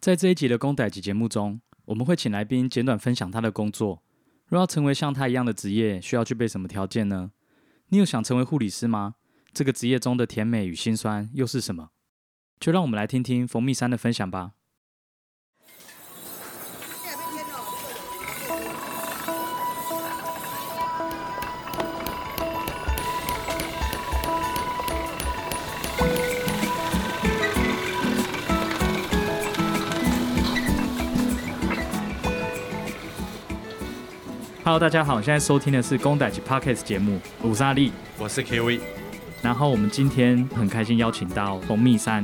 在這一集的公仔集節目中，我們會請來賓簡短分享他的工作。若要成為像他一樣的職業，需要具備什麼條件呢？你有想成為護理師嗎？這個職業中的甜美與辛酸又是什麼？就讓我們來聽聽馮蜜珊的分享吧。Hello，大家好，現在收聽的是公代及 Podcast 節目。五沙利，我是 KV。然後我們今天很開心邀請到馮蜜珊，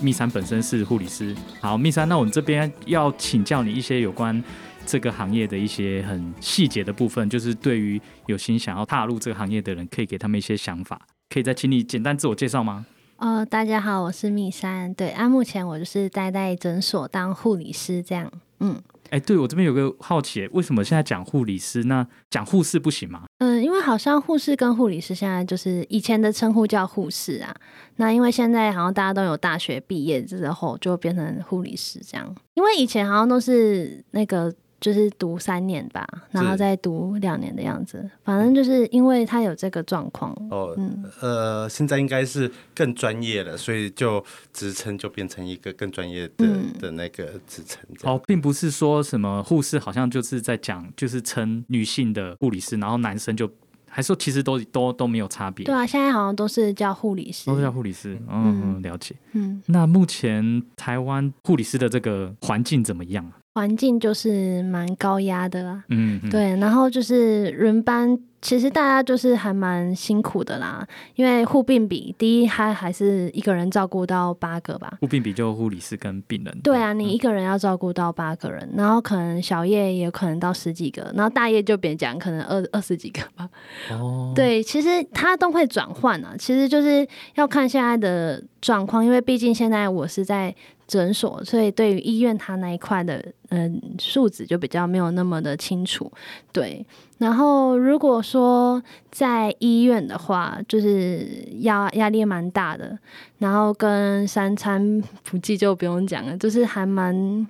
蜜珊本身是護理師。好，蜜珊，那我們這邊要請教你一些有關這個行業的一些很細節的部分，就是對於有心想要踏入這個行業的人，可以給他們一些想法。可以再請你簡單自我介紹嗎？哦，大家好，我是蜜珊。對，啊，目前我就是待在診所當護理師，這樣，嗯。哎，對，我這邊有個好奇，為什麼現在講護理師呢？那講護士不行嗎？嗯、呃，因為好像護士跟護理師現在就是以前的稱呼叫護士啊。那因為現在好像大家都有大學畢業之後就變成護理師這樣，因為以前好像都是那個。就是讀三年吧，然後再讀兩年的樣子。是反正就是因為他有這個狀況。哦，嗯，呃，現在應該是更專業了，所以就職稱就變成一個更專業的、嗯、的那個職稱。哦，並不是說什麼護士好像就是在講，就是稱女性的護理師，然後男生就還說其實都都都沒有差別。對啊，現在好像都是叫護理師。都是、哦、叫護理師，嗯，嗯嗯，了解。嗯，那目前台灣護理師的這個環境怎麼樣啊？環境就是蠻高壓的啦啊，嗯，嗯，對，然後就是輪班。其實大家就是還蠻辛苦的啦，因為護病比第一還還是一個人照顧到八個吧。護病比就護理師跟病人。對啊，你一個人要照顧到八個人，嗯、然後可能小夜也可能到十幾個，然後大夜就別講，可能二二十幾個吧。哦、對，其實他都會轉換啊，其實就是要看現在的狀況，因為畢竟現在我是在診所，所以對於醫院他那一塊的嗯數字就比較沒有那麼的清楚，對。然後，如果說在醫院的話，就是壓壓力也蠻大的，然後跟三餐普及就不用講了，就是還蠻，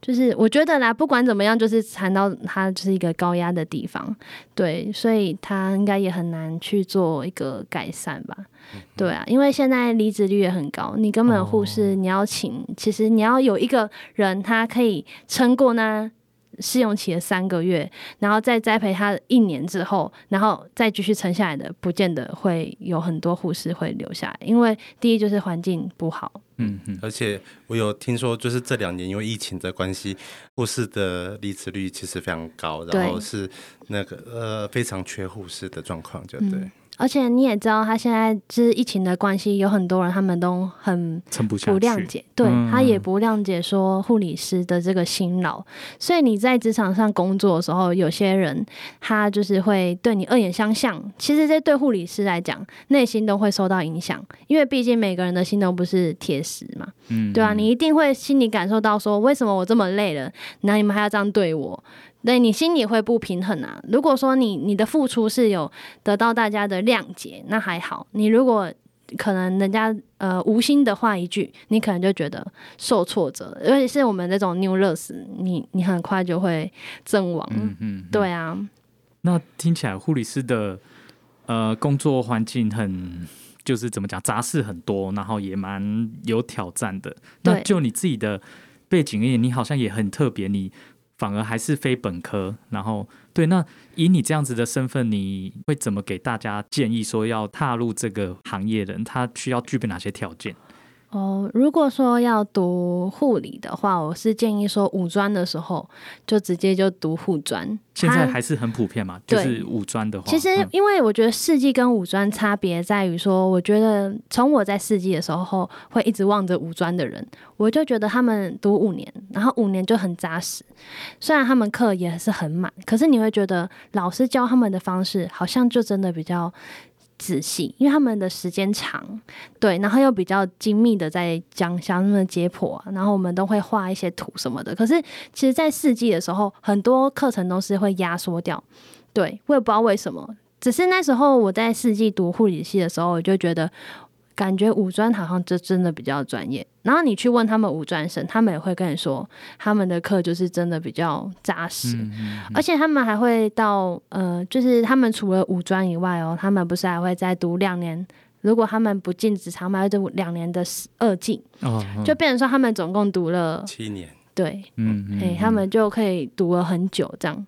就是我覺得啦，不管怎麼樣，就是談到它就是一個高壓的地方，對，所以他應該也很難去做一個改善吧。嗯、哼對啊，因為現在離職率也很高，你根本護士你要請，哦、其實你要有一個人他可以撐過呢，試用期的三個月，然後再栽培他一年之後，然後再繼續撐下來的，不見得會有很多護士會留下來。因為第一就是環境不好，嗯，嗯，而且我有聽說，就是這兩年因為疫情的關係，護士的離職率其實非常高，然後是那個呃非常缺護士的狀況，就對。嗯而且你也知道，他現在就是疫情的關係，有很多人他們都很撐不下去，不諒解，對他也不諒解，說護理師的這個辛勞。嗯、所以你在職場上工作的時候，有些人他就是會對你惡言相向。其實這對護理師來講，內心都會受到影響，因為畢竟每個人的心都不是鐵石嘛，嗯嗯，對啊，你一定會心裡感受到說，為什麼我這麼累了，那你們還要這樣對我？對你心裡會不平衡啊！如果說你你的付出是有得到大家的諒解，那還好。你如果可能人家呃無心的話一句，你可能就覺得受挫折了。而且是我們這種 New n u r s 你你很快就會陣亡。嗯哼嗯哼，對啊。那聽起來護理師的呃工作環境很就是怎麼講雜事很多，然後也蠻有挑戰的。對那就你自己的背景而言，你好像也很特別。你。反而還是非本科，然後對，那以你這樣子的身份，你會怎麼給大家建議說要踏入這個行業的人，他需要具備哪些條件？哦，如果說要讀護理的話，我是建議說五專的時候就直接就讀護專。現在還是很普遍嘛，對就是五專的話。其實，因為我覺得四技跟五專差別在於說，嗯、我覺得從我在四技的時候會一直望着五專的人，我就覺得他們讀五年，然後五年就很紮實。雖然他們課也是很滿，可是你會覺得老師教他們的方式好像就真的比較仔細，因為他們的時間長，對，然後又比較精密的在講，像他們解剖啊，然後我們都會畫一些圖什麼的。可是，其實，在四技的時候，很多課程都是會壓縮掉。對，我也不知道為什麼，只是那時候我在四技讀護理系的時候，我就覺得。感覺五專好像就真的比較專業，然後你去問他們五專生，他們也會跟你說他們的課就是真的比較扎實，嗯嗯、而且他們還會到呃，就是他們除了五專以外哦，他們不是還會再讀兩年，如果他們不進職場嘛，或讀兩年的二技，哦嗯、就變成說他們總共讀了七年，對嗯，嗯，欸、嗯他們就可以讀了很久這樣。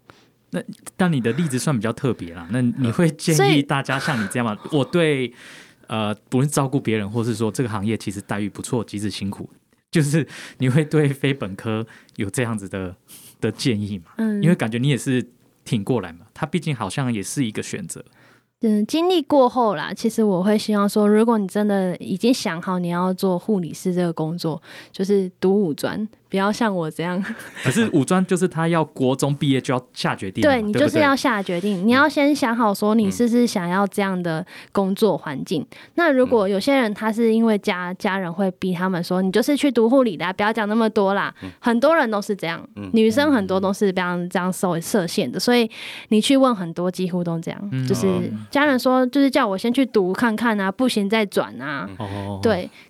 那但你的例子算比較特別了。那你會建議大家像你這樣嗎？嗯、我對。呃，不是照顧別人，或是說這個行業其實待遇不錯，即使辛苦，就是你會對非本科有這樣子的的建議嗎？嗯，因為感覺你也是挺過來嘛，他畢竟好像也是一個選擇。嗯，經歷過後啦，其實我會希望說，如果你真的已經想好你要做護理師這個工作，就是讀五專。不要像我這樣，可是五專就是他要國中畢業就要下決定， 對，你就是要下決定，對對，你要先想好說你是不是想要這樣的工作環境。嗯、那如果有些人他是因為家家人會逼他們說你就是去讀護理的，啊，不要講那麼多啦。嗯、很多人都是這樣，嗯、女生很多都是這樣這樣受設限的，嗯、所以你去問很多，幾乎都這樣，嗯、就是家人說就是叫我先去讀看看啊，不行再轉啊。嗯、對，哦哦哦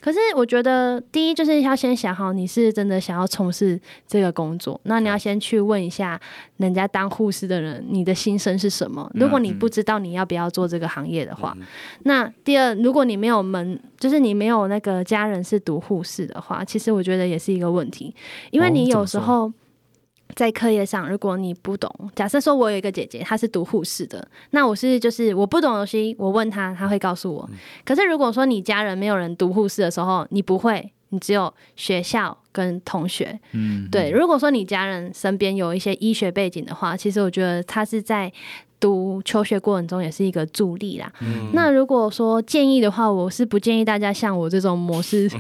可是我覺得第一就是要先想好你是真的想要從事這個工作，那你要先去問一下人家當護士的人，你的心聲是什麼？如果你不知道你要不要做這個行業的話，嗯嗯、那第二，如果你沒有門，就是你沒有那個家人是讀護士的話，其實我覺得也是一個問題，因為你有時候在課業上，如果你不懂，假設說我有一個姐姐，她是讀護士的，那我是就是我不懂的東西，我問她，她會告訴我。可是如果說你家人沒有人讀護士的時候，你不會，你只有學校。跟同學，嗯，對，如果說你家人身邊有一些醫學背景的話，其實我覺得他是在。讀求學過程中也是一個助力啦。嗯、那如果說建議的話，我是不建議大家像我這種模式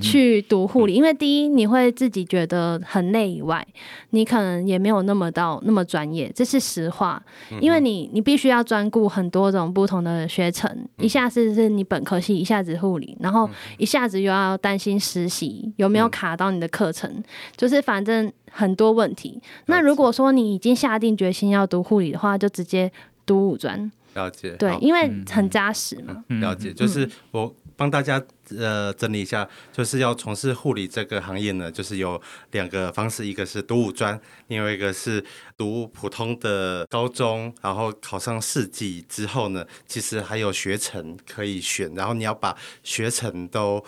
去讀護理，嗯、因為第一你會自己覺得很累，以外，你可能也沒有那麼到那麼專業，這是實話。嗯、因為你你必須要專顧很多種不同的學程，嗯、一下子是你本科系，一下子護理，然後一下子又要擔心實習有沒有卡到你的課程，嗯、就是反正很多問題。嗯、那如果說你已經下定決心要讀護理的話，就直接。讀五專，了解，對，好因為很紮實嘛、嗯嗯。了解，就是我幫大家呃整理一下，就是要從事護理這個行業呢，就是有兩個方式，一個是讀五專，另外一個是讀普通的高中，然後考上四技之後呢，其實還有學程可以選，然後你要把學程都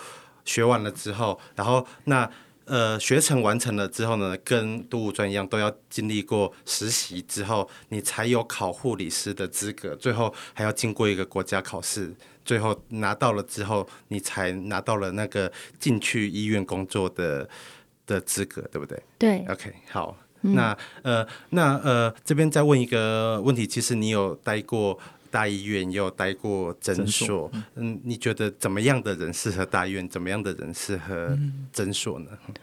學完了之後，然後那。呃，學程完成了之後呢，跟讀五專一樣，都要經歷過實習之後，你才有考護理師的資格。最後還要經過一個國家考試，最後拿到了之後，你才拿到了那個進去醫院工作的的資格，對不對？對。OK，好。嗯、那呃，那呃，這邊再問一個問題，其實你有待過。大醫院也有待過診所，所嗯，嗯，你覺得怎麼樣的人適合大醫院？怎麼樣的人適合診所呢？嗯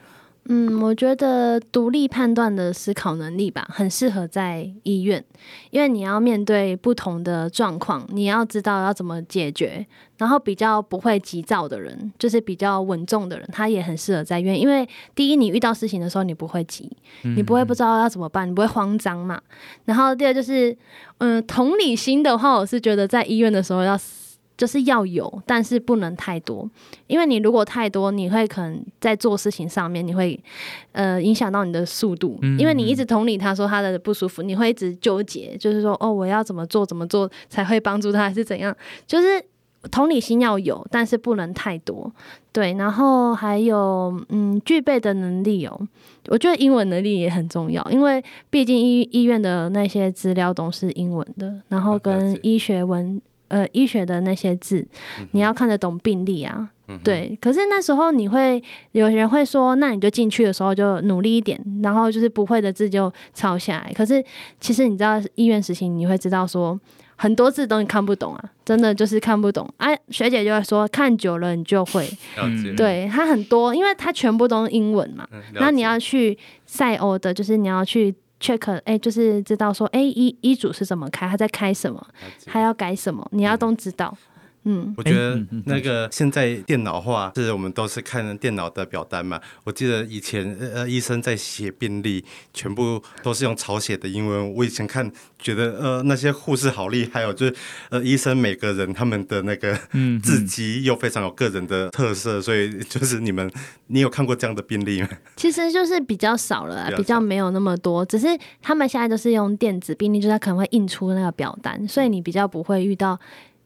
嗯，我覺得獨立判斷的思考能力吧，很適合在醫院，因為你要面對不同的狀況，你要知道要怎麼解決。然後比較不會急躁的人，就是比較穩重的人，他也很適合在醫院，因為第一，你遇到事情的時候你不會急，嗯、哼你不會不知道要怎麼辦，你不會慌張嘛。然後第二就是，嗯，同理心的話，我是覺得在醫院的時候要。就是要有，但是不能太多，因為你如果太多，你會可能在做事情上面，你會呃影響到你的速度，嗯嗯嗯，因為你一直同理他說他的不舒服，你會一直糾結，就是說哦，我要怎麼做怎麼做才會幫助他，還是怎樣？就是同理心要有，但是不能太多。對，然後還有嗯，具備的能力哦、喔，我覺得英文能力也很重要，因為畢竟醫醫院的那些資料都是英文的，然後跟醫學文。嗯嗯呃，醫學的那些字，嗯、哼你要看得懂病歷啊。嗯、哼對。可是那時候你會有些人會說，那你就進去的時候就努力一點，然後就是不會的字就抄下來。可是其實你知道醫院實習，你會知道說很多字都你看不懂啊，真的就是看不懂。哎、啊，學姐就會說看久了你就會，解對它很多，因為它全部都是英文嘛。嗯、那你要去賽歐的，就是你要去。卻可哎，就是知道說，哎，醫醫囑是怎麼開，他在開什麼，他、啊、要改什麼，嗯、你要都知道。嗯，我覺得那個現在電腦化，是我們都是看電腦的表單嘛。我記得以前呃醫生在寫病歷，全部都是用草寫的英文。我以前看覺得呃那些護士好厲害，哦，有就是呃醫生每個人他們的那個字跡又非常有個人的特色，嗯、所以就是你們你有看過這樣的病歷嗎？其實就是比較少了、啊，比較少了比較沒有那麼多，只是他們現在都是用電子病歷，就是他可能會印出那個表單，所以你比較不會遇到。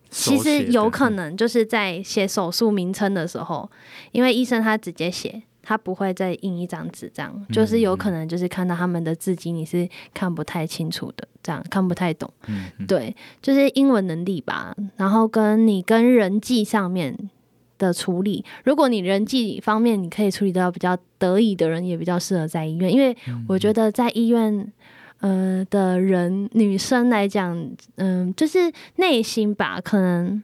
其實有可能就是在寫手術名稱的時候，對因為醫生他直接寫，他不會再印一張紙張，就是有可能就是看到他們的字跡你是看不太清楚的，這樣看不太懂。嗯、哼對，就是英文能力吧，然後跟你跟人際上面的處理，如果你人際方面你可以處理到比較得意的人，也比較適合在醫院，因為我覺得在醫院。嗯呃，的人女生來講，嗯、呃，就是內心吧，可能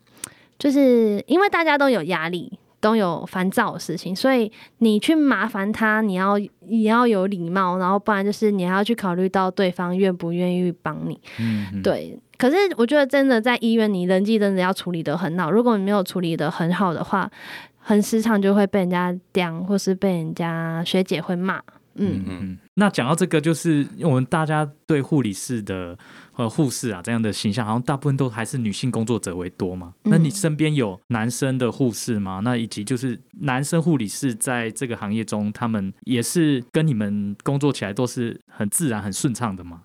就是因為大家都有壓力，都有煩躁的事情，所以你去麻煩他，你要也要有禮貌，然後不然就是你還要去考慮到對方願不願意幫你。嗯、哼對。可是我覺得真的在醫院，你人際真的要處理得很好。如果你沒有處理得很好的話，很時常就會被人家刁，或是被人家學姐會罵。嗯嗯。那講到這個，就是我們大家對護理師的和、呃、護士啊這樣的形象，好像大部分都還是女性工作者為多嘛。那你身邊有男生的護士嗎？那以及就是男生護理師在這個行業中，他們也是跟你們工作起來都是很自然、很順暢的嗎？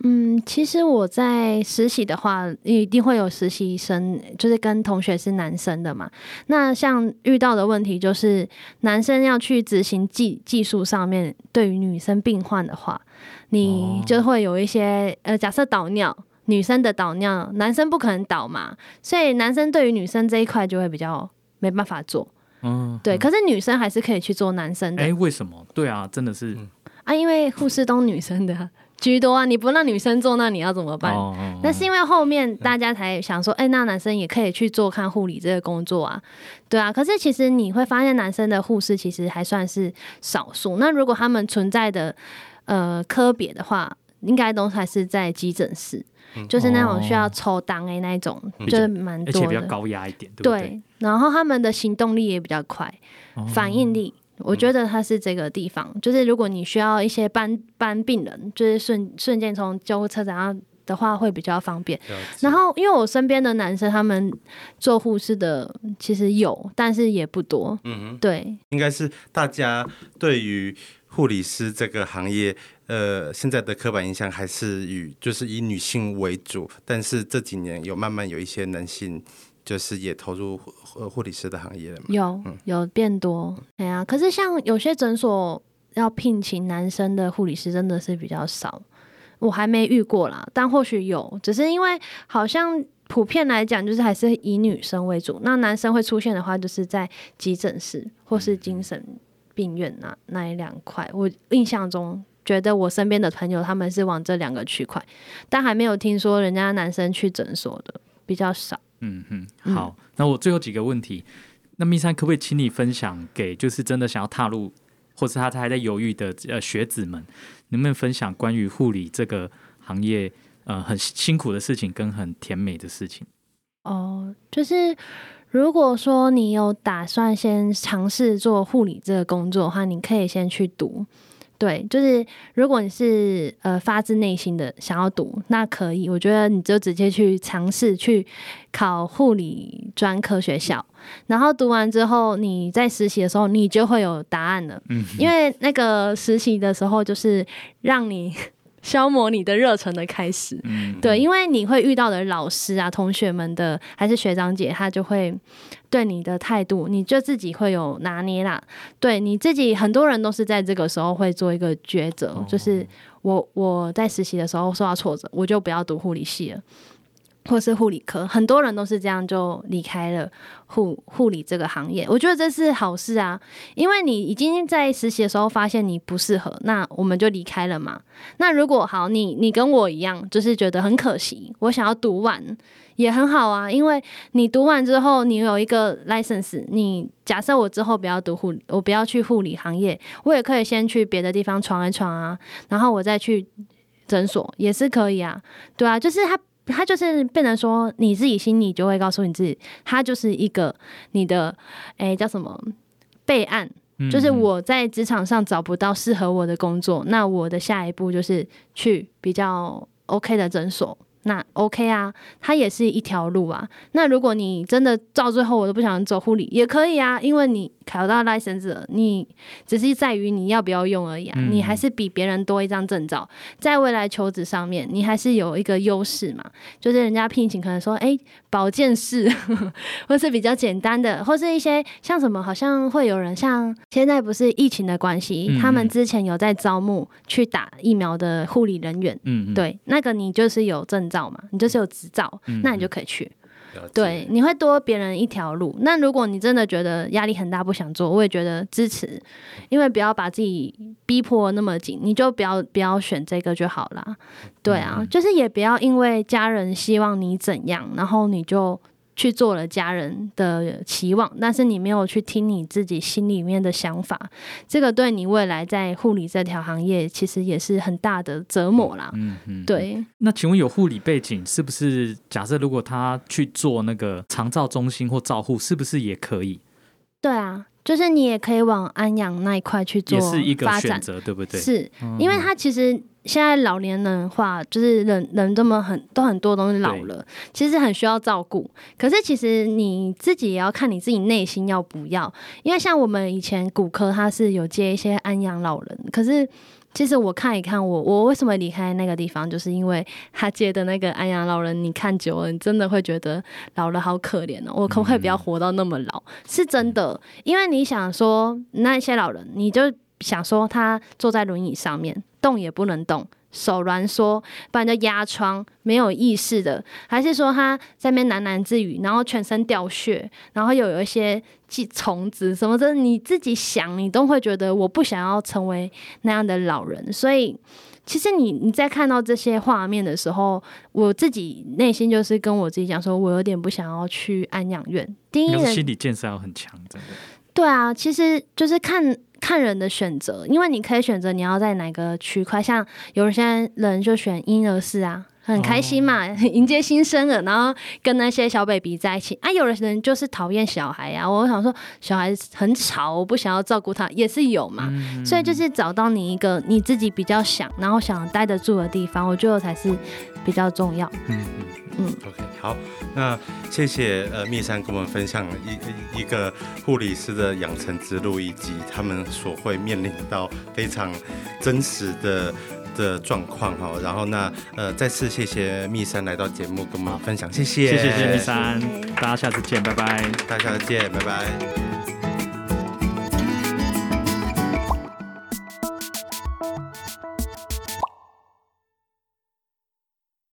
嗯，其實我在實習的話，一定會有實習生，就是跟同學是男生的嘛。那像遇到的問題就是，男生要去執行技技術上面，對於女生病患的話，你就會有一些、哦、呃，假設導尿，女生的導尿，男生不可能導嘛，所以男生對於女生這一塊就會比較沒辦法做。嗯，對，嗯、可是女生還是可以去做男生的。誒，為什麼？對啊，真的是、嗯、啊，因為護士都女生的、啊。居多啊！你不讓女生做，那你要怎麼辦？那、oh, oh, oh, oh, 是因為後面大家才想說，哎對、欸，那男生也可以去做看護理這個工作啊，對啊。可是其實你會發現，男生的護士其實還算是少數。那如果他們存在的呃科別的話，應該都還是在急診室，嗯、就是那種需要抽檔的那種，嗯、就是蠻多的，而且比較高壓一點，對，對。對，然後他們的行動力也比較快，oh, 反應力。我覺得它是這個地方嗯、就是如果你需要一些搬搬病人，就是瞬瞬間從救護車上的話，會比較方便。了解然後，因為我身邊的男生他們做護士的其實有，但是也不多。嗯哼，對，應該是大家對於護理師這個行業，呃，現在的刻板印象還是以就是以女性為主，但是這幾年有慢慢有一些男性。就是也投入呃護理師的行業了嘛，有，嗯、有變多，哎呀、啊，可是像有些診所要聘請男生的護理師，真的是比較少。我還沒遇過啦，但或許有，只是因為好像普遍來講，就是還是以女生為主。那男生會出現的話，就是在急診室或是精神病院那、啊、那一兩塊。我印象中，覺得我身邊的朋友他們是往這兩個區塊，但還沒有聽說人家男生去診所的比較少。嗯嗯，好，那我最後幾個問題，那蜜珊可不可以請你分享給就是真的想要踏入，或是他他還在猶豫的呃學子們，你能不能分享關於護理這個行業呃很辛苦的事情跟很甜美的事情？哦，就是如果說你有打算先嘗試做護理這個工作的話，你可以先去讀。對，就是如果你是呃發自內心的想要讀，那可以，我覺得你就直接去嘗試去考護理專科學校，然後讀完之後你在實習的時候你就會有答案了，嗯哼，因為那個實習的時候就是讓你。消磨你的熱忱的開始，嗯、對，因為你會遇到的老師啊、同學們的，還是學長姐，他就會對你的態度，你就自己會有拿捏啦。對，你自己很多人都是在這個時候會做一個抉擇，哦、就是我我在實習的時候受到挫折，我就不要讀護理系了。或是護理科，很多人都是這樣就離開了護護理這個行業。我覺得這是好事啊，因為你已經在實習的時候發現你不適合，那我們就離開了嘛。那如果好，你你跟我一樣，就是覺得很可惜，我想要讀完也很好啊，因為你讀完之後，你有一個 license，你假設我之後不要讀護，我不要去護理行業，我也可以先去別的地方闖一闖啊，然後我再去診所也是可以啊，對啊，就是他。他就是變成說，你自己心裡就會告訴你自己，他就是一個你的，哎、欸，叫什麼備案？嗯、哼就是我在職場上找不到適合我的工作，那我的下一步就是去比較 OK 的診所。那 OK 啊，它也是一條路啊。那如果你真的到最後我都不想走護理，也可以啊，因為你考到 license 了，你只是在於你要不要用而已啊。嗯、哼你還是比別人多一張證照，在未來求職上面，你還是有一個優勢嘛。就是人家聘請可能說，哎、欸，保健室呵呵或是比較簡單的，或是一些像什麼，好像會有人像現在不是疫情的關係，嗯、哼他們之前有在招募去打疫苗的護理人員。嗯嗯哼，對，那個你就是有證照嘛，你就是有執照，嗯、那你就可以去。嗯、對，你會多別人一條路。那如果你真的覺得壓力很大，不想做，我也覺得支持，因為不要把自己逼迫那麼緊，你就不要不要選這個就好了。對啊，嗯、就是也不要因為家人希望你怎樣，然後你就。去做了家人的期望，但是你沒有去聽你自己心裡面的想法，這個對你未來在護理這條行業其實也是很大的折磨啦、嗯。嗯嗯，對。那請問有護理背景，是不是假設如果他去做那個長照中心或照護，是不是也可以？對啊，就是你也可以往安養那一塊去做，也是一個選擇、發展，對不對？是、嗯、因為他其實。現在老年人的話，就是人人這麼很都很多都是老了，對其實很需要照顧。可是其實你自己也要看你自己內心要不要，因為像我們以前骨科他是有接一些安養老人，可是其實我看一看我我為什麼離開那個地方，就是因為他接的那個安養老人，你看久了，你真的會覺得老了好可憐哦。我可不可以不要活到那麼老？嗯、哼是真的，因為你想說那一些老人，你就想說他坐在輪椅上面。動也不能動，手攣縮，不然就壓瘡，沒有意識的，還是說他在那邊喃喃自語，然後全身掉血，然後又有一些寄蟲子什麼的，你自己想，你都會覺得我不想要成為那樣的老人。所以，其實你你在看到這些畫面的時候，我自己內心就是跟我自己講說，我有點不想要去安養院。第一，心理建設要很強，對啊，其實就是看。看人的選擇，因為你可以選擇你要在哪個區塊。像有些人就選嬰兒室啊，很開心嘛，哦、迎接新生兒，然後跟那些小 baby 在一起啊。有的人就是討厭小孩呀，啊，我想說小孩很吵，我不想要照顧他也是有嘛。嗯、所以就是找到你一個你自己比較想，然後想待得住的地方，我覺得我才是比較重要。嗯嗯，OK，好，那謝謝呃蜜珊跟我們分享一一個護理師的養成之路，以及他們所會面臨到非常真實的的狀況哈。然後那呃再次謝謝蜜珊來到節目跟我們分享，謝謝謝謝，謝謝蜜珊，是大家下次見，拜拜，大家下次見，拜拜。